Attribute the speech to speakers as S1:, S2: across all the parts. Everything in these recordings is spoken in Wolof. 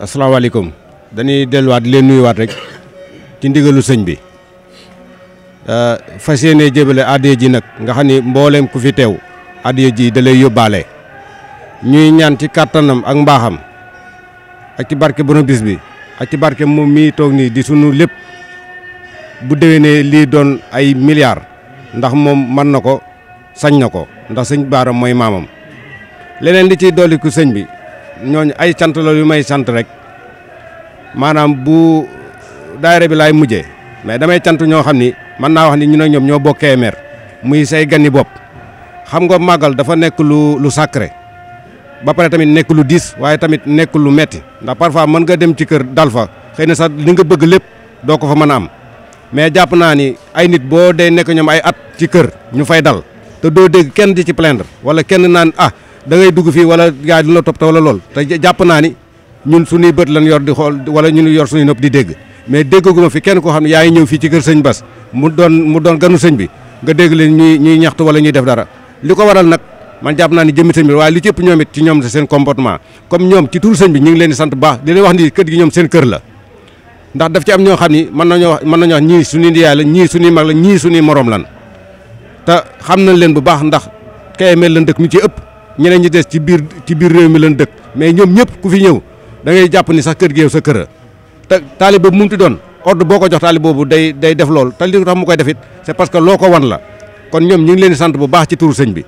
S1: asalaamaaleykum dañuy delluwaat leen nuyuwaat rek ci ndigalu sëñ bi euh, fas yéene jébale addiya ji nag nga xam ni mbooleem ku fi teew addiya ji da lay yóbbaale ñuy ñaan ci kàttanam ak mbaaxam ak ci barke borom bis bi ak ci barke moom mi toog nii di sunu lépp bu dewenee lii doon ay milliards ndax moom mën na ko sañ na ko ndax sëñ baaram mooy maamam leneen di ciy dolliku sëñ bi ñooñu ay cant la yu may sant rek maanaam bu daayira bi laay mujjee mais damay cant ñoo xam ni mën naa wax ni ñu ne ñoom ñoo bokkee mer muy say ganni bopp xam nga màggal dafa nekk lu lu sacré ba pare tamit nekk lu diis waaye tamit nekk lu metti ndax parfois mën nga dem ci kër dal fa xëy na sax li nga bëgg lépp doo ko fa mën a am mais jàpp naa ni ay nit boo dee nekk ñoom ay at ci kër ñu fay dal te doo dégg kenn di ci plaindre wala kenn naan ah da ngay dugg fii wala yaa du la topp te wala jàpp naa ni ñun suñuy bët lan yor di xool wala ñu yor suñuy nëpp di dégg mais déggaguma fi kenn koo xam ne yaa ngi ñëw fii ci kër sëñ Bass mu doon mu doon ganu sëñ bi nga dégg leen ñuy ñaxtu wala ñuy def dara li ko waral nag man jàpp naa ni jëmmi sëñ bi waaye li ci ñoom it ci ñoom seen comportement comme ñoom ci tur bi ñu ngi leen sant baax di leen ni kër gi ñoom seen kër la ndax daf ci am ñoo xam ni mën nañoo wax mën nañoo wax ñii suñuy ndiyaay la ñii suñuy mag la ñii suñuy moroom lan te xam nañ leen bu baax ndax KML lan dëkk mi ci ëpp ñeneen ñi des ci biir ci biir réew mi lan dëkk mais ñoom ñëpp ku fi ñëw da ngay japp ni sax kër géew sa kër ta talib boobu mu ti doon ordre boko jox talib bobu day day def lol ta li tax mu koy defit c'est parce que loko wan la kon ñom ñu ngi leen di sant bu baax ci turu sëñ bi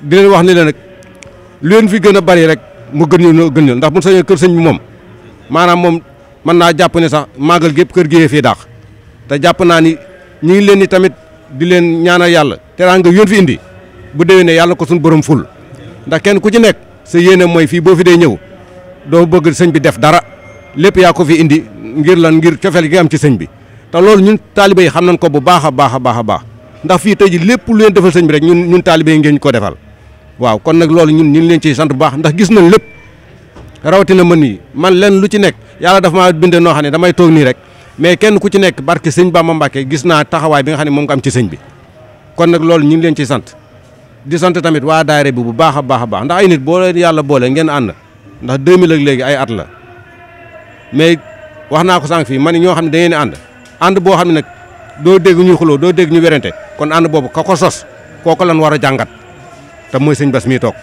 S1: di leen wax ni leen nak lu leen fi gëna bari rek mu gën ñu gën ñu ndax bu sañoon kër sëñ bi mom manam mom man na japp ni sax magal gep kër géeyee fi daax ta japp na ni ñi ngi leen ni tamit di leen ñaanal yàlla teraanga yoon fi indi bu deewene yalla ko sun borom ful ndax kenn ku ci nek sa yene moy fi bo fi day ñew doo bëgg sëñ bi def dara lépp yaa ko fi indi ngir lan ngir cofeel gi am ci sëñ bi te loolu ñun taalibe yi xam nañ ko bu baax a baax a baax a baax ndax fii tey ji lépp lu leen defal sëñ bi rek ñun ñun taalibe yi ngeen ko defal waaw kon nag loolu ñun ñu ngi leen ciy sant bu baax ndax gis nañ lépp rawatina man yi man leen lu ci nekk yàlla dafa maa binde noo xam ne damay toog nii mais kenn ku ci nekk barke sëñ Bamba Mbàkke gis naa taxawaay nga xam ne moom am ci sëñ bi kon nag loolu ñu ngi leen ciy sant di sant tamit waa daayira bi bu baax a baax baax ndax ay boo yàlla boole ngeen ànd ndax 2000 ak léegi ay at la mais wax naa ko sànq fii ma ne ñoo xam ne da ngeen ànd ànd boo xam ne nag doo dégg ñuy xuloo doo dégg ñu werante kon ànd boobu ka ko sos kooku lan war a jàngat te mooy sëñ Bass mii toog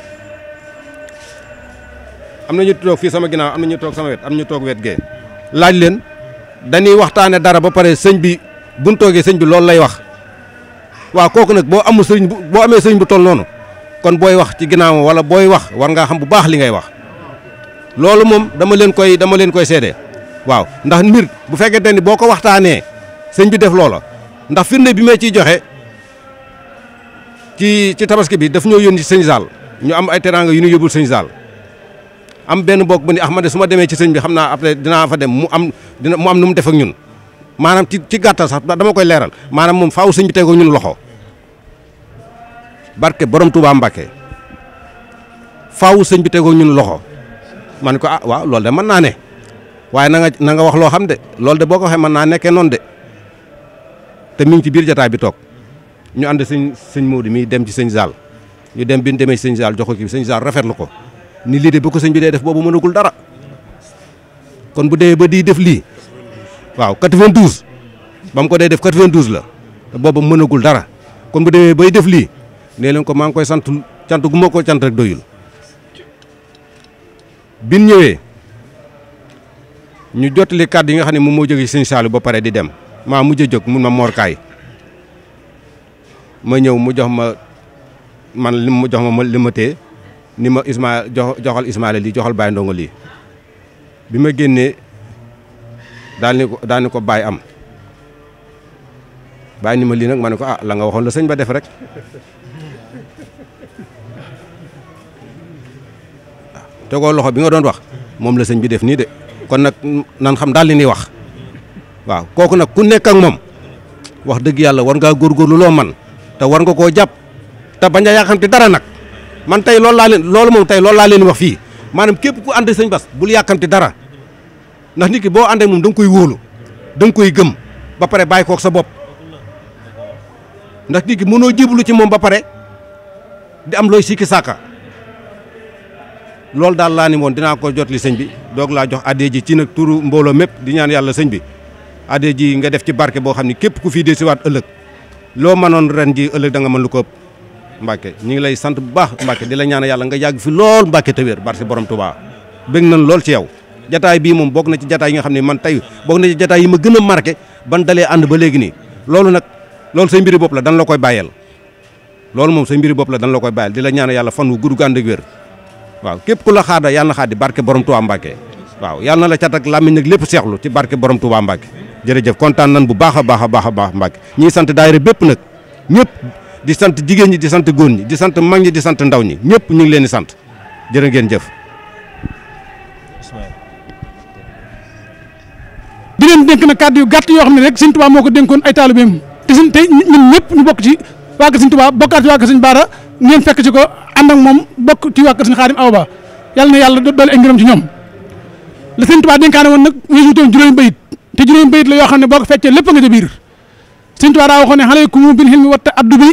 S1: am na ñu toog fii sama ginnaaw am na ñu toog sama wet am ñu toog wet gee laaj leen dañuy waxtaane dara ba pare sëñ bi buñ toogee sëñ bi loolu lay wax waaw kooku nag boo amul sëriñ bu boo amee sëriñ bu toll noonu kon booy wax ci ginnaaw wala booy wax war ngaa xam bu baax li ngay wax loolu moom dama leen koy dama leen koy seede waaw ndax mbir bu fekkente ni boo ko waxtaanee sëñ bi def loolo ndax firnde bi ma ciy joxe ci ci tabaski bi daf ñoo yónni ci sëñ Saal ñu am ay teraanga yu ñu yóbbul sëñ Saal am benn bokk bu ni ma su suma demee ci sëñ bi xam naa après dinaa fa dem mu am dina mu am nu mu def ak ñun maanaam ci ci gàttal sax dama koy leeral maanaam moom faaw sëñ bi teg ko ñun loxo barke borom Touba Mbacke faaw sëñ bi tegoo ñun loxo. man ko ah waaw de man naa ne waaye nanga na nga wax loo xam de loolu de boo ko waxee mën naa nekkee noonu de te mi ngi ci biir jataay bi toog ñu ànd sëñ sëñ Modou mi dem ci sëñ Saal ñu dem bi ñu demee ci sëñ Saal jox ko kii sëñ Saal rafetlu ko ni lii de bu ko sëñ bi dee def boobu mënagul dara kon bu dee ba di def lii waaw 92 ba mu ko dee def 92 la te boobu mënagul dara kon bu demee bay def lii nee leen ko maa ngi koy sant cant gu ma ko cant rek doyul. bin ñëwee ñu jottali kàddu yi nga xam ne moom moo jógee Sëñ Saalu ba pare di dem maa mujj a jóg mun ma morkaay ma ñëw mu jox ma man li jox ma ma li ma tee ni ma Isma jox joxal Ismaila lii joxal Baye Ndongo lii bi ma génnee daal ni ko daal ni ko baay am Baye ni ma lii nag ma ne ko ah la nga waxoon la sëñ ba def rek. ko loxo bi nga doon wax mom la señ bi def ni de kon nak nan xam dal ni wax waaw koku nak ku nek ak mom wax deug yalla war gor lu lo man te war nga ko japp te bañ a yàqante dara nak man tay lol la len lol mom tay lol la len wax fi manam kep ku ande señ bass bul yakanti dara ndax niki bo ande mom dang koy wolu dang koy gem ba pare bàyyi koog sa bop ndax niki mono jiblu ci mom ba pare di am loy sikki saka Lol dal la ni moon dina ko jot li bi dog la jox adde ji ci nak turu mbolo mépp di ñaan yalla sëñ bi adde ji nga def ci barke bo xamni ne képp ku fii wat ëllëg lo manon ren ji ëllëg da nga man lu ko ëpp ñi ngi lay sante bu baax di la ñaan yalla nga yag fi lol Mbàkke te wér barke borom tuba bég nañ lol ci yow jataay bi mom bok na ci jataay yi nga xamni man tay bok na ci jataay yi ma gëna marqué ban dalé and ba légui ni lolou nak loolu sey mbiri bop la dan la koy bayel loolu mom sey mbiri bop la dan la koy bayel di la ñaan yalla fanu wu gudd gànd waaw képp ku la xaada yàlla na xaadi barke borom Touba Mbacke waaw yàlla na la cat ak làmmiñ nag lépp seexlu ci barke borom Touba Mbacke jërëjëf kontaan nan bu baax a baax a baax a baax Mbacke ñi sant daayira bépp nag ñëpp di sant jigéen ñi di sant góor ñi di sant mag ñi di sant ndaw ñi ñëpp ñu ngi leen di sant jërë ngeen jëf di leen dénk
S2: na kàddu yu gàtt yoo xam ne rek Sëñ Tuubaa moo ko dénkoon ay taalibeem te suñ te ñun ñëpp ñu bokk ci waa Sëñ Tuubaa bokkaat ci waa Sëñ Baara ñeen fekk ci ko ànd ak moom bokk ci waa kër sëñ awba Awa yàlla na yàlla doole ay ngërëm ci ñoom la sëñ Tuubaa dénkaane woon nag wésutoon juróomi bayit te juróomi bayit la yoo xam ne boo ko feccee lépp nga ca biir sëñ Tuubaa daa waxoon ne alaykum bil hilmi wat ta'addubi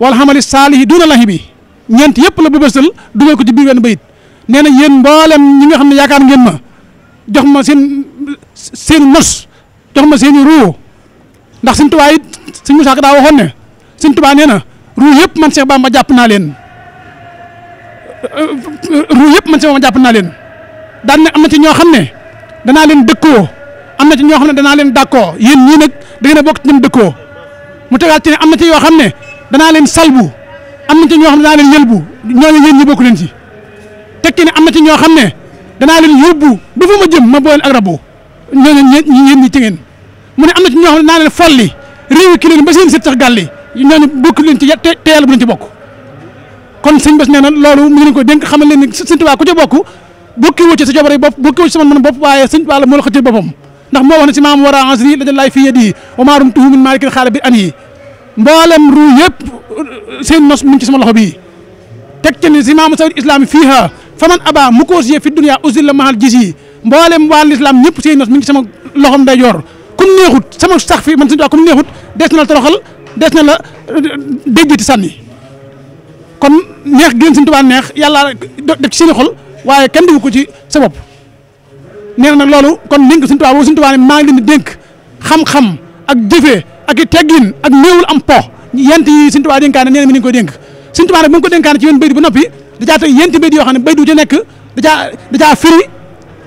S2: wal amali saalihi duuna lahi bi ñeent yëpp la bëbësal dugal ko ci biir wenn bayit nee na yéen mboolem ñi nga xam ne yaakaar ngeen ma jox ma seen seen nos jox ma seen ruu ndax sëñ Tuubaa it sëñ Musaa Ka daa waxoon ne sëñ Tuubaa nee na ruu yëpp man Cheikh Bamba jàpp naa leen ruu yëpp man Cheikh Bamba jàpp naa leen daan ne am na ci ñoo xam ne danaa leen dëkkoo am na ci ñoo xam ne danaa leen dàkkoo yéen ñii nag da ngeen a bokk mu tegaat ci ne am yoo xam ne danaa leen salbu am na ci ñoo xam ne danaa leen yëlbu ñooñu yéen ñi bokku leen ci te ne am na ci ñoo xam ne danaa leen yóbbu ba fa ma jëm ma booleen ak rabu ñooñu ñi yéen ñi mu ne am na ci ñoo xam ne danaa leen folli réewi ki leen ba seen sët sax gàlli ñooñu bokk leen ci te yàlla bu leen ci bokk kon sëñ bés nee na loolu mu ngi leen koy dénk xamal leen ni sëñ Tuubaa ku ci bokk bokki wu ci sa jobare bopp bokki wu ci sama mën bopp waaye sëñ Tuubaa la moo la xëcc boppam ndax moo wax ne si maam war a ansri la laay fi yedii amaarum tuhu min maalikil xaala bi an yi mboolem ru yëpp seen nos mu ngi ci sama loxo bii teg ci ni si maamu sawit islam fiiha faman aba mu koos yee fi dunya usil la mahal gis yi mboolem waa l'islam ñëpp seen nos mi ngi ci sama loxom ndeyjoor kum neexut sama sax fi man sëñ Tuubaa kum neexut des na la toroxal des na la déggati sànni kon neex gën Sëñ Tuubaa neex yàlla def ci seeni xol waaye kenn dugg ko ci sa bopp neex nag loolu kon dénk Sëñ Tuubaa boobu Sëñ Tuubaa ne maa ngi leen di xam-xam ak jëfee ak i teggin ak néewul am po yent yi Sëñ Tuubaa dénkaane nee na mi ngi koy dénk Sëñ Tuubaa nag bu ngi ko dénkaane ci wenn baydu ba noppi da caa teg yenti baydu yoo xam ne du ci nekk da caa da caa firi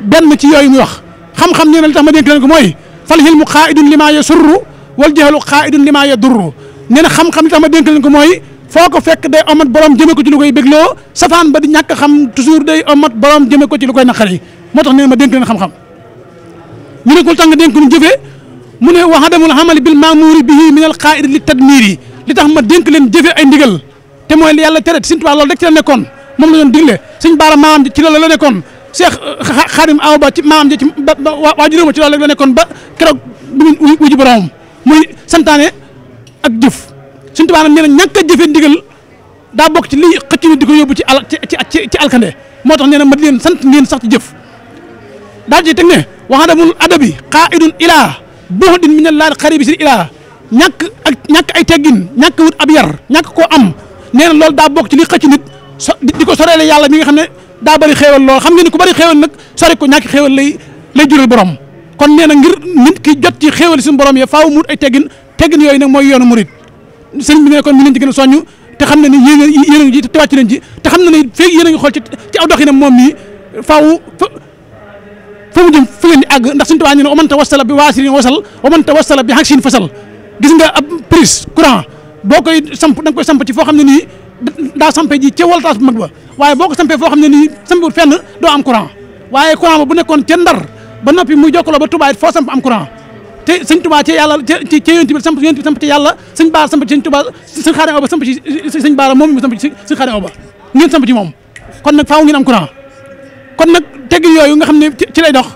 S2: benn ci yooyu muy wax xam-xam nee na li tax ma dénk leen ko mooy fal xil mu xaa idun li maa والجهل قائد لما يضر نينا خم خم تما دنك لنكو موي فوكو فك داي امات بروم جيمي كو تي لوكاي بيغلو سفان با دي نياك خم توجور داي امات بروم جيمي كو تي لوكاي نخري موتاخ نينا ما دنك لن خم خم مني كول تانغ دنك ني جيفه مني وحدم الحمل بالمامور به من القائد للتدمير لي تاخ ما دنك لن جيفه اي نديغال تي موي يالا تيرت سين توبا لول داك تي نيكون موم لا نون ديغلي سين بارا مام دي تي لا نيكون شيخ خادم اوبا تي مام دي واجورو تي لا نيكون با كرو بي وي بروم muy santaane ak jëf suñ tubaab nee na ñàkk a jëfee ndigal daa bokk ci lii xëcc ni di ko yóbbu ci al ci ci alkande moo tax nee na ma leen sant ngeen sax ci jëf daal ci teg ne waxadamul adabi qaidun ilaa buxdin min al laa xari bi si ilaa ñàkk ak ñàkk ay teggin ñàkk wut ab yar ñàkk koo am nee na loolu daa bokk ci lii xëcc nit so di ko soreele yàlla mi nga xam ne daa bari xéewal lool xam ngeen ni ku bëri xéewal nag sori ko ñàkk xéewal lay lay jural borom kon nee na ngir nit ki jot ci xéewal suñu borom ya faaw mu ay teggin teggin yooyu nag mooy yoonu murit sëriñ bi ne kon mi leen te xam ne ni yéen yéen a ngi ci te wàcc xam ne ni feeg yéen a ngi xool ci ci aw doxinam moom mii faaw fa fa mu jëm fu ngeen di àgg ndax suñu tubaab ñu ne waman tawassala bi waasirin wasal waman tawassala bi gis nga ab prise courant boo koy samp da nga samp ci xam ne nii daa sampe ji ca voltage bu mag waaye boo ko sampee foo xam ne nii sampewul fenn doo am courant waaye courant ba bu nekkoon ca ndar ba noppi muy jokkaloo ba Touba it foo samp am courant te sëñ Touba ci yàlla ci ci yonent bi ci yàlla sëñ Baara samp ci sëñ Touba sëñ Xaadim Awa samp ci sëñ Baara moom mi samp ci sëñ Xaadim Awa moom kon nag faaw ngeen am courant kon nag tegg yooyu nga xam ne ci lay dox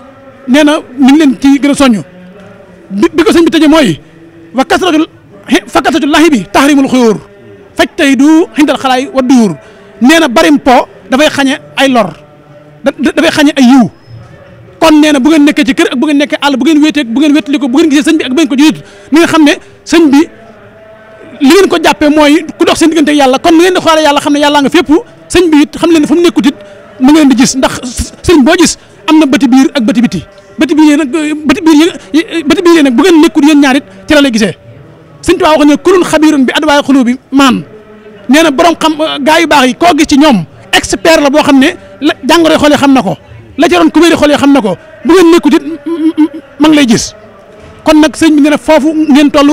S2: nee na mi ngi leen ci gën a soññ bi ko sëñ bi tëjee mooy wa kasratul fakasatu lahi bi tahrimul xuyóor faj tey du xindal xalaay wa duur nee na barim po dafay xañe ay lor dafay xañe ay yiw kon nee na bu ngeen nekkee ci kër ak bu ngeen nekkee àll bu ngeen wéetee bu ngeen wéetali ko bu gisee sëñ bi ak bu ko jiit ni nga xam ne sëñ bi li ngeen ko jàppee mooy ku dox seen diggante yàlla kon ni ngeen di xoolee yàlla xam ne yàllaa nga fépp sëñ bi it xam leen ne fu mu nekkut it mu ngeen di gis ndax sëñ gis am na bëti biir ak bëti biti bëti biir nag bëti biir bëti biir nag bu ngeen nekkut yéen ñaar it ci la lay gisee sëñ Tuubaa wax ne kulun xabiirun bi adwaay xuluu bi maan nee na borom xam gaa yu baax yi ko gis ci ñoom expert la boo xam ne la jàngoroy xool xam na ko la ca doon xol yi xam na ko bu ngeen nekkut it ma ngi lay gis kon nag sëñ bi nee na foofu ngeen toll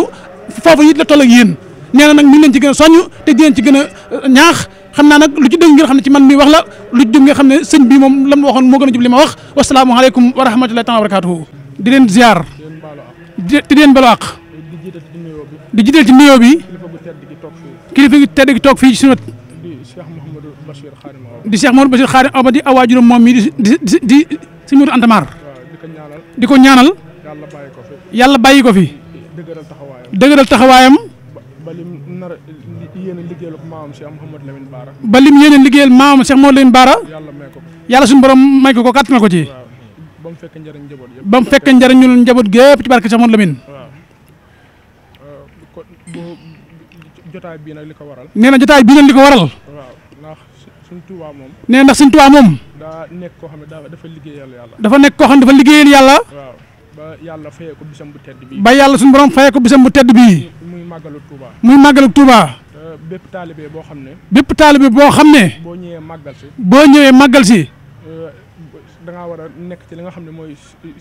S2: foofu it la toll ak yéen nee nag ñu leen ci gën a te di leen ci gën a euh, ñaax xam naa nag lu ci dëgg ngeen xam ne ci man mi wax la lu ci nga xam ne sëñ bi moom lam waxoon moo gën a jub li ma wax wasalaamaaleykum wa rahmatullahi taala wa barakatuhu di leen ziar di leen balu àq di jiital ci nuyoo bi kilifa gi tedd ki toog fii ci suñu di Cheikh Mamadou Bachir khadim Abadi awaajuram mom mi di di di si antamar,
S3: Anta di ko ñaanal yàlla bàyyi
S2: ko fi dëgëral taxawayam
S3: balim lim yéen a liggéeyal Cheikh
S2: Mouhamadou Lamine Bara balim lim yéen a Cheikh Lamine Bara yalla suñu borom may ko ko kàttanal ko ci bam mu fekk njëriñ njaboot yëpp ba ci barke Cheikh Mouhamadou Lamine
S3: jotaay bi nak liko waral neena jotaay bi nag liko waral nee ndax Sëñ Tuubaa moom. daa nekk koo xam ne dafa
S2: liggéeyal yàlla. dafa nekk koo xam ne dafa liggéeyal yàlla. waaw
S3: ba yàlla fayee ko bisam bu tedd
S2: bi ba yàlla suñu borom fayee ko bisam bu tedd bii. muy màggalu Touba. muy màggalu Touba. bépp
S3: taalibe boo xam ne. bépp taalibe boo xam boo ñëwee màggal boo
S2: ñëwee màggal si.
S3: da ngaa war a nekk ci li nga xam ne mooy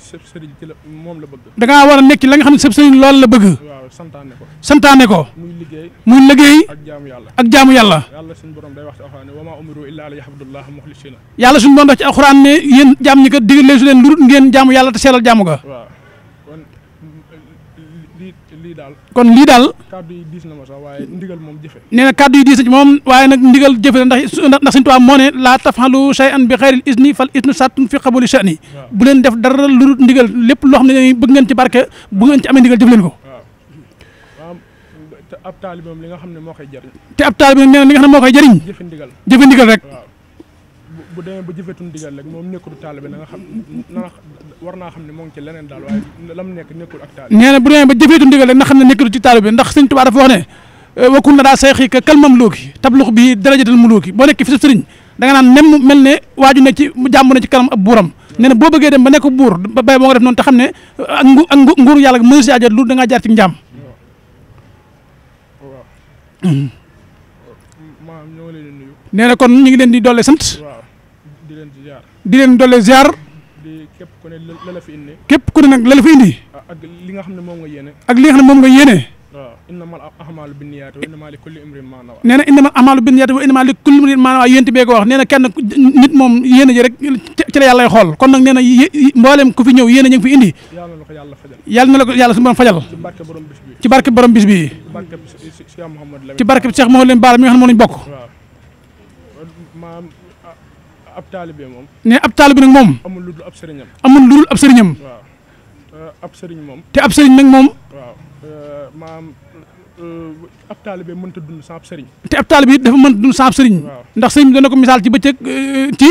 S3: sëb sëriñ ci la moom la bëgg. da ngaa war a nekk ci la nga xam ne sëb sëriñ loolu la bëgg. waaw santaane ko. santaane ko. muy liggéey. muy liggéey. ak jaamu yàlla ak jaamu yàlla.
S2: yàlla suñu borom day wax ci alxuraan ne wa maa umiru illaa liya'budullaaha muxlisiina. yàlla suñu borom wax ci alxuraan ne yéen jaam ñi kat digal leen su leen lu ngeen jaamu yàlla te seelal jaamu ga. waaw. kon lii daal kàddu yi diis na ma sax waaye ndigal moom jëfe nee na kàddu yi diis na ci moom waaye ndigal jëfe ndax ndax suñu tubaab moo ne laa tafalu shay an bi xayril isni fal isnu sàttun fi xabuli shani bu leen def dara lu ndigal lépp loo xam ne bëgg ngeen ci barke bu ngeen ci amee ndigal jëf leen ko
S3: te ab taalibeem li moo koy jëriñ
S2: te ab taalibeem nee na li nga xam ne moo koy jëriñ jëfe ndigal rek
S3: bu demee ba jëfeetuñ digal rek moom nekkul taalibe na nga xam war naa xam ne moo ngi ci leneen daal waaye lam nekk nekkul ak taalibe
S2: nee na bu demee ba na xam ne nekkul ci taalibe ndax sëñ Tuubaa dafa wax ne wakun na daa sayxi ka kal mam loogi tablux bi darajatal mu loogi boo nekk fi sa sëriñ da nga naan nem mel ne waaju ne ci jàmm ne ci kanam ab buuram nee na boo bëggee dem ba nekk buur ba bay boo nga def noonu te xam ne ak ngu ak nguuru yàlla mënu si ajot lu da ngaa jaar ci njàmm nee na kon ñu ngi leen di doole sant di len dole ziar. kep
S3: ku ne la la fi indi. képp ku ne nag la la fi indi. ak li nga xamne mom nga yene ak li nga xamne mom nga yene wa innamaa li imrin maa nawaa. inna
S2: na innamal a'maalu binniyaati wa innamaa li kulli imrin ma nawaa yéent bee ko wax nee kenn nit mom yene je rek ci la lay xol kon nak neena mbollem ku fi ñew yene ñu fi indi. yalla nako yalla fajal. yalla nako yalla ko borom fajal.
S3: ci barke borom bis bi ci barke borom bis bi. ci barke Cheikh mohammed Lamine Bara mi nga xam mo lañ bokk ab talibé mom ne ab mom. nag amul luddul dul ab serignam amul luddul dul ab serignam waaw euh, ab serign mom te ab sëriñ nag moom. waaw euh, maam euh, ab mën ta dund sans ab serign te
S2: ab talibé dafa mën dund sans ab serign ndax serign bi dana ko misal ci bëccëg ci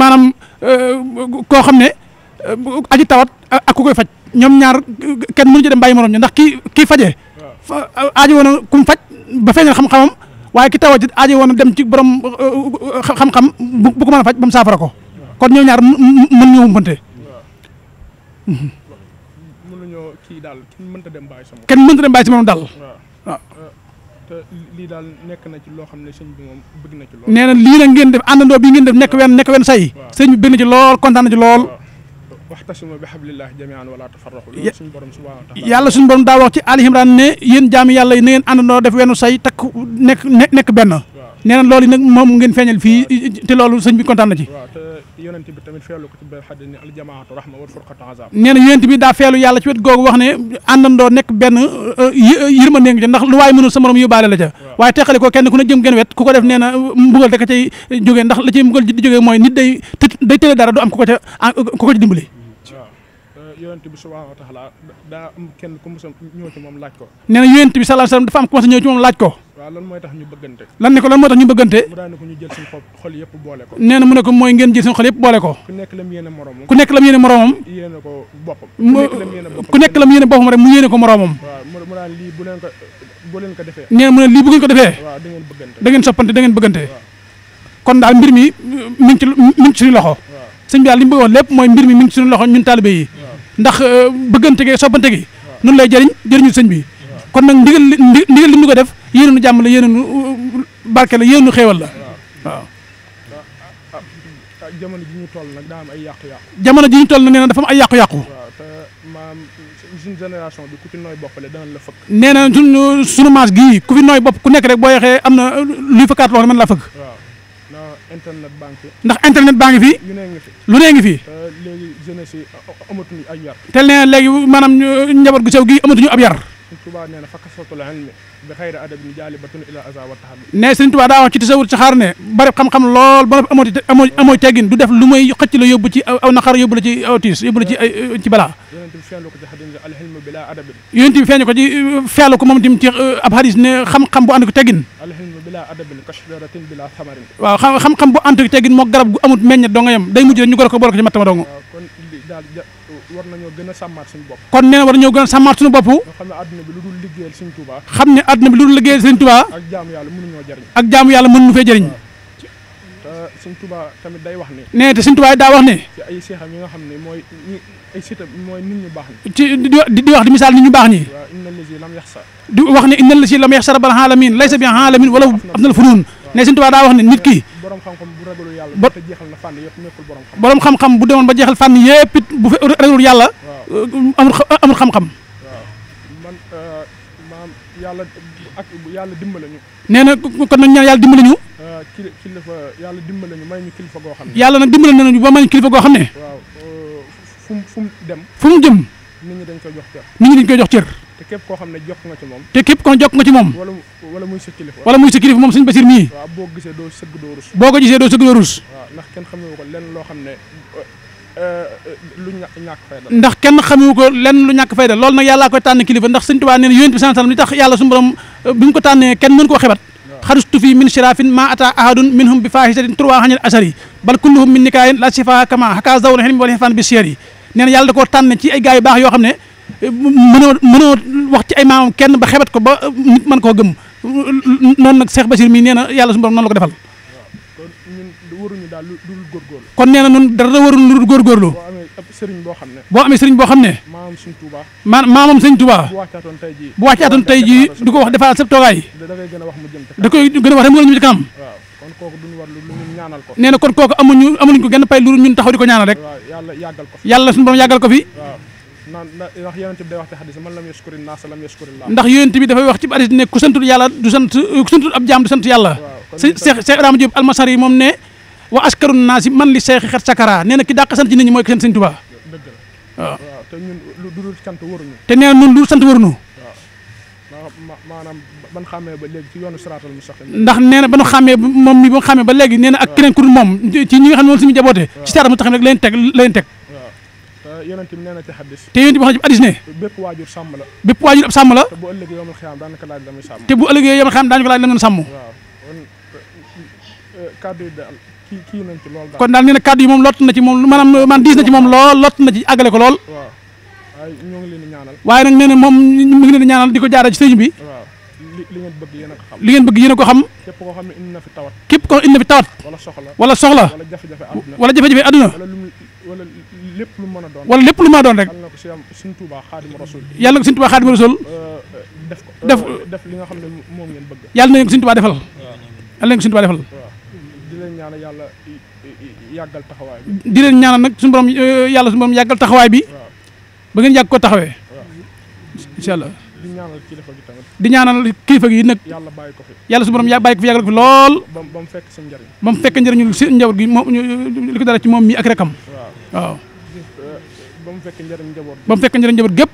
S2: manam euh ko xamné aji tawat ak ku koy faj ñom ñaar kenn mënu ci dem bàyyi morom ñu ndax ki ki fajee. waaw fa aajo faj ba feeñal xam-xamam waye ki tawat aji woon dem ci borom uh, uh, uh, xam-xam bu ko mën a faj ba mu ko kon ñoo ñaar mën ñu mënte
S3: mënu ñoo ki dal ki mënta dem bàyyi sama ken mënta dem bàyyi sama dal waaw te li dal nek na ci lo xamne señ bi mom
S2: bëgg na ci lool neena li la ngeen def andando bi ngeen def nek wen nek wen say señ bi bëgg na ci lool kontaan na ci lool
S3: wa'tasimu bi hablillahi jami'an wala tafarraqu loolu suñu borom subhanahu wa ta'ala
S2: yàlla suñu borom daa wax ci Ali Imran ne yéen jaami yàlla yi na def wenu say takk nekk benn nee na loolu nag moom ngeen feeñal fii te loolu sëñ bi kontaan ci waaw te yonent bi daa feelu yàlla ci wet googu wax ne àndandoo nekk benn euh, euh, euh, yërmande ngi ca ndax lu waaye mënul sa morom yóbbaale la ca waaye teqale ko kenn ku ne jëm genn wet ku ko def nee na mbugal de ka cay jógee ndax la cay mbugal di jógee mooy nit day day dara du am ku ko ca ku
S3: yonent bi subhaanahu wa taala daa am kenn ku mos a ko nee a ñëw ci moom laaj ko waaw lan mooy tax ñu bëggante lan ne ko lan lii bu ko defee
S2: nee na soppante da ngeen bëggante kon daal mbir mi mi suñu loxo sëñ daal li mu lépp mooy mbir mi mi ngi ci suñu loxo ñun taalibe yi ndax euh, bëggante gi soppante gi nun lay jëriñ jëriñu sëñ bi kon nag ndigal ndigal li ñu def yéen nu jàmm la yéen nu euh, barke la yéen nu xéewal la waaw
S3: ah, jamono toll nag daa am ay
S2: yàqu-yàqu jamono ji ñu toll nee dafa am ay yàqu-yàqu
S3: maam suñu génération bi ku fi
S2: la fëkk nee na suñu suñu maas gii ku fi nooy bopp ku nekk rek boo waxee am na euh, luy fëkkaat loo xam ne mën laa fëkk internet baa ngi fi. ndax internet baa ngi fi. lu nee ngi fi lu nee ngi fi.
S3: léegi jeunesse yi amatuñu ay yar. tel
S2: ne maanaam njaboot gu sew gi amatuñu ab yar.
S3: Sëriñ Tuubaa nee na fakka sotul ilmi bi xayri adabin wa
S2: ne Sëriñ Tuubaa daa wax ci tasawur ci xaar ne bari xam-xam lool ba nga amoo amoo amoo teggin du def lu mooy xëcc la yóbbu ci aw naqar yóbbu la ci aw tiis yóbbu la ci bala ci balaa. ko ci
S3: al ilmu bila adabin.
S2: yonent bi feeñu ko ko moom tim ci euh, ab xadis ne xam-xam bu ànd ko teggin.
S3: bila adabin kashjaratin bila thamarin
S2: waaw xam xam-xam bu antu teggin moo garab gu amut meññet doo nga day mujj rek ñu gor ko boole ko ci mattama dong
S3: kon daal war a sàmmaat gën a sàmmaat suñu bopp xam ne àdduna bi lu dul liggéeyal suñu Tuubaa ak
S2: jaamu yàlla mënuñoo fee jëriñ
S3: Sëñ Tuubaa tamit day wax ne. nee te Sëñ Tuubaa daa wax ne. ci ay seexam yi nga xam ne mooy ay mooy nit ñu baax
S2: ñi. ci di wax di misaal nit ñu baax ñi. waaw
S3: innal lazi lam yaxsa. di wax ne
S2: innal lazi lam yaxsa rabbal alamin laysa bi alamin wala afnal funun. ne Sëñ Tuubaa daa wax ne nit ki.
S3: borom xam-xam bu ragalu yàlla. ba te jeexal na fànn yëpp nekkul borom xam.
S2: borom xam-xam bu demoon ba jeexal fànn yëpp it bu fe ragalul yàlla. amul amul xam-xam. waaw
S3: man euh, yàlla ak yàlla dimbali ñu.
S2: nee na kon nag ñaan yàlla dimbali ñu
S3: Euh, kilifa yàlla dimbale ñu may ñu kilifa goo xam ne. yàlla nag dimbale nañu ba may ñu kilifa goo xam ne. waaw euh, fu dem. fu mu jëm. nit dañ koy jox cër. nit ñi koy jox cër. te képp koo xam ne jokk nga ci moom. te képp koo jokk nga ci moom. wala wala muy sa kilifa. wala moom sëñ Basir mii. boo ko gisee doo sëgg boo ko gisee doo sëgg doo rus. ndax kenn xamewu ko lenn loo xam ne euh, lu ñàkk fayda. ndax
S2: kenn xamewu ko lenn lu ñàkk fayda loolu nag yàllaa koy tànn kilifa ndax sëñ Tuubaa nee na yonent bi sallallahu alayhi wasallam tax yàlla suñu borom bi mu ko tànnee kenn mënu ko xebat xarustu fi min shirafin ma ata ahadun minhum bi fahishatin turwa xañal asari bal kulluhum min nikaayin la sifa kama xaka zawna xen mi wala xefaan bi sier yi nee na yàlla ci ay gaay baax yoo xam ne mënoo mënoo ay maamam kenn ba xebat ko ba nit mën koo gëm noonu nag Cheikh Bachir mi nee na yàlla suñu borom noonu la ko defal kon nee na nun dara waruñu lu dul góorgóorlu
S3: sëriñ boo xam ne boo amee sëriñ boo xam ne maamam sëriñ Touba ma maamam sëriñ Touba bu wàccaatoon tey jii bu wàccaatoon
S2: tey jii du ko wax defal sa toogaay
S3: da koy gën a wax mu jëm da koy gën a
S2: wax rek mu gën a jëm ci kanam
S3: waaw kon kooku duñu war lu ñu ñaanal ko
S2: nee na kon kooku amuñu amuñu ko di ko ñaanal rek waaw
S3: yàlla yàggal ko fi yàlla suñu borom yàggal ko fi waaw
S2: ne ku santul yàlla du sant ku santul almasari moom ne wa askaru naasi man li seexi xat sakara nee na ki dàq sant ci nit ñi mooy ki sant sëñ Tuubaa
S3: waaw te ñun lu dul sant te nee na ñun lu sant waruñu maanaam ban xàmmee ba léegi ci yoonu siraatal mustaqim ndax
S2: nee na ba nu xàmmee moom mi ba xàmmee ba léegi nee na ak keneen ku dul moom ci ñi nga xam ne moom suñu jabootee ci siraatal mustaqim rek leen teg leen teg
S3: yonent bi nee na ci hadis te yonent bi wax na ci hadis ne bépp waajur sàmm la bépp waajur ab sàmm la te bu ëllëgee yomal xiyaam daañu ko laaj la muy sàmm te bu ëllëgee yomal xiyaam daañu ko laaj kii kii nañ lool kon daal nee na
S2: kàddu yi moom lott na ci moom maanaam man diis na ci moom lool lott na ci àggale ko lool waaye nag nee na moom mu ngi leen di ñaanal di ko jaara ci sëñ bi li ngeen bëgg yéen a ko xam li ko xam
S3: képp koo xam ne indi na fi tawat
S2: képp koo indi na fi tawat
S3: wala soxla wala soxla wala jafe-jafe àdduna wala jafe-jafe àdduna lépp lu mën a doon wala lépp lu mën doon rek yàlla na ko sëñ Tuubaa Xaadimu Rasuul yàlla na ko sëñ li nga xam ne moom
S2: ngeen bëgg yàlla na ko sëñ Tuubaa defal yàlla na ko sëñ defal
S3: ñaanal yàlla yàggal taxawaay bi.
S2: di leen ñaanal nag suñu borom euh, yàlla suñu borom yàggal taxawaay bi. ba ngeen yàgg ko taxawee. incha allah di ñaanal kilifa gi tamit. di ñaanal kilifa gi nag.
S3: yàlla bàyyi ko fi yàlla suñu borom bàyyi ko fi yàggal ko fi lool. ba mu fekk sa njëriñ. ba mu
S2: fekk njëriñu si njaboot gi moom li ko dara ci moom mii ak rekam. waaw
S3: ba mu fekk njëriñ njaboot gi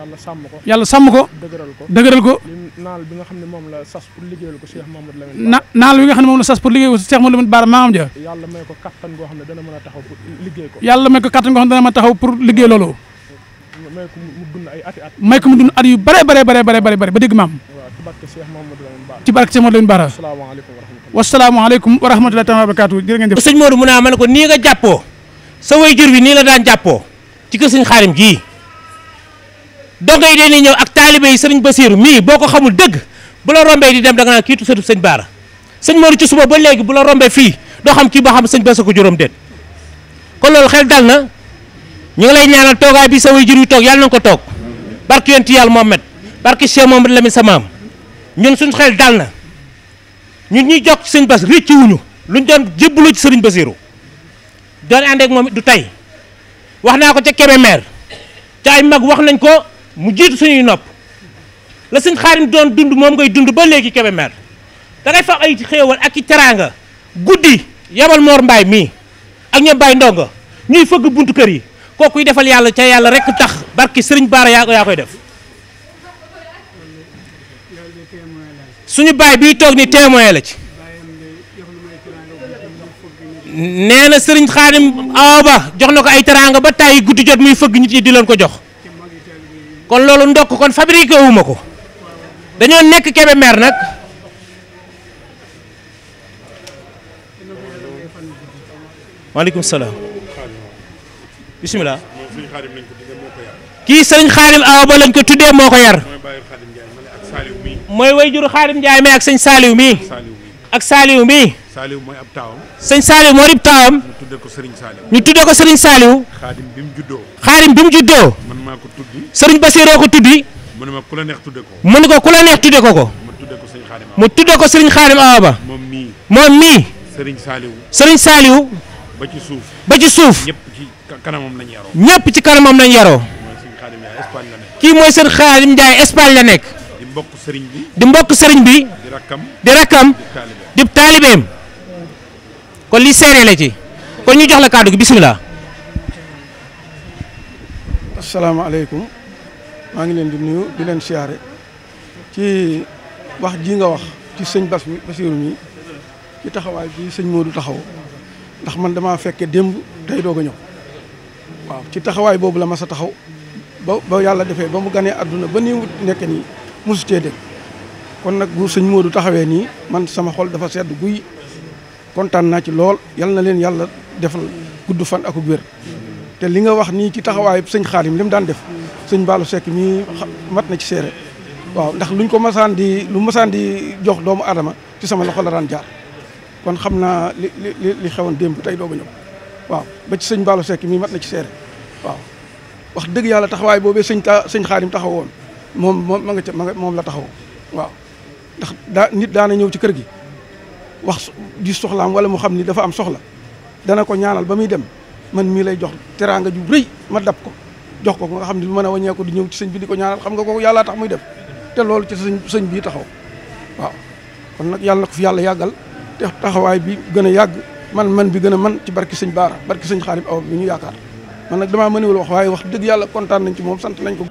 S3: yàlla sàmm ko yàlla sàmm ko. dëgëral ko dëgëral ko. naal bi la sas pour liggéeyal ko Cheikh Mamadou Lamine. na naal bi nga xam ne moom la
S2: sas pour liggéeyal ko Cheikh Mamadou Lamine Bara maam ja.
S3: yàlla may ko kattan goo xam ne
S2: dana mën a taxaw liggéey a loolu. may ko mu dund ay ati bare bare bare bare ba dégg maam. ci barke Cheikh Mamadou Lamine Bara. ci barke
S4: wa rahmatulah wa barakaatu jërë ngeen jëf. sëñ Modou mu ah, ko nii nga jàppoo sa way jur bi nii la daan jàppoo ci kër sëñ Xaarim gii dongo yi dañuy ñëw ak taalibe yi sëriñ Basiiru mii boo ko xamul dëgg bu la rombee di dem da nga naan kiitu sëtu sëñ Baara sëñ Moodu ci suba ba léegi bu la rombee fii doo xam kii boo xam sëñ Basa ko juróom déet kon loolu xel dal na ñu ngi lay ñaanal toogaay bi sa way jur yu toog yàlla na ko toog barki yonti yàlla Mohamed barki Cheikh Mohamed Lamine sa maam ñun suñ xel dal na ñun ñuy jokk sëñ Bas rëcc wuñu luñ doon jébbalu ci sëriñ Basiiru doon ànd ak moom du tey wax naa ko ca Kébémer te ay mag wax nañ ko mu jiitu suñuy nopp la sëñ xaari doon dund moom ngay dund ba léegi Kébémer da ngay fab ay xéewal ak i teraanga guddi yabal moor mbaay mii ak ñoom mbaay ndongo ñuy fëgg bunt kër yi kookuy defal yàlla ca yàlla rek tax barki sëriñ baara yaa yaa koy def suñu baay bii toog ni témoin la ci nee na sëriñ xaari awa ba jox na ko ay teraanga ba tàyyi guddi jot muy fëgg nit ñi di leen ko jox kon loolu ndokk kon fabriqué wuma ko dañoo nekk Kébémer nag maaleykum salaam bisimilah kii sëriñ xaadim awa ba ko tuddee moo ko yar mooy way juru xaadim Njaay mi ak sëñ saaliw mi ak saaliw mi mooy ab taawam sëñ saaliw moo di taawam ñu tuddee ko sëriñ saaliw ñu tuddee ko sëriñ saaliw xaadim bi mu juddoo sëriñ Bassiroo ko tuddi
S3: mu ku la neex tudde
S4: ko mu ne ko ko ko mu tudde ko sëriñ Xaadim Awa Ba moom mii moom mii sëriñ Saaliwu ba ci suuf ba ci suuf ñëpp ci kanamam lañ yaroo ci kanamam lañ yaroo kii mooy seen Xaadim Njaay Espagne la nekk
S3: di mbokk sëriñ bi di mbokk sëriñ bi di rakkam di rakkam
S4: di taalibeem kon li seere la ci kon ñu jox la kàddu gi bisimilah
S5: Assalamualaikum, ma ngi len di nuyu di len siaré ci wax ji nga wax ci bass mi Basiru mi ci taxawaay bi seigne Modou taxaw ndax man dama fekke demb tey doog a waaw ci taxaway bobu la massa taxaw ba yalla defé ba mu gané aduna ba ni wut nekk musu mosu dé kon nak bu seigne Modou taxawé ni man sama xol dafa sedd guuy kontaan na ci lool yalla na len yalla defal guddu fan ak guer té li nga wax ni ci taxawaay sëñ dan lim daan def sek mat na ci séré waaw ndax luñ ko masaan di lu masaan di jox doomu adama ci sama loxo la daan jaar kon xamna li li li xewoon démb do dooga ñëw waaw ba ci sëñ Baalu sek mat na ci séré waaw wax deug yalla taxaway bobé sëñ ta sëñ xaalim taxawoon mom mom ma nga ci mom la taxaw waaw ndax daa nit daana ñew ci kër gi wax di soxlaam wala mu xamni dafa am soxla dana ko ñaanal ba muy dem man mii lay jox teraanga ju rëy ma dab ko jox ko nga xam ne man a wàññeeku di ñëw ci sëñ bi di ko ñaanal xam nga kooku yàllaa tax muy def te loolu ci sëñ sëñ bii taxaw waaw kon nag yàlla na ko fi yàlla yàggal te taxawaay bi gën a yàgg man man bi gën a man ci barki sëñ Baara barki sëñ Xaadim aw bi ñu yaakaar man nag damaa mënewul wax waaye wax dëgg yàlla kontaan nañ ci moom sant nañ ko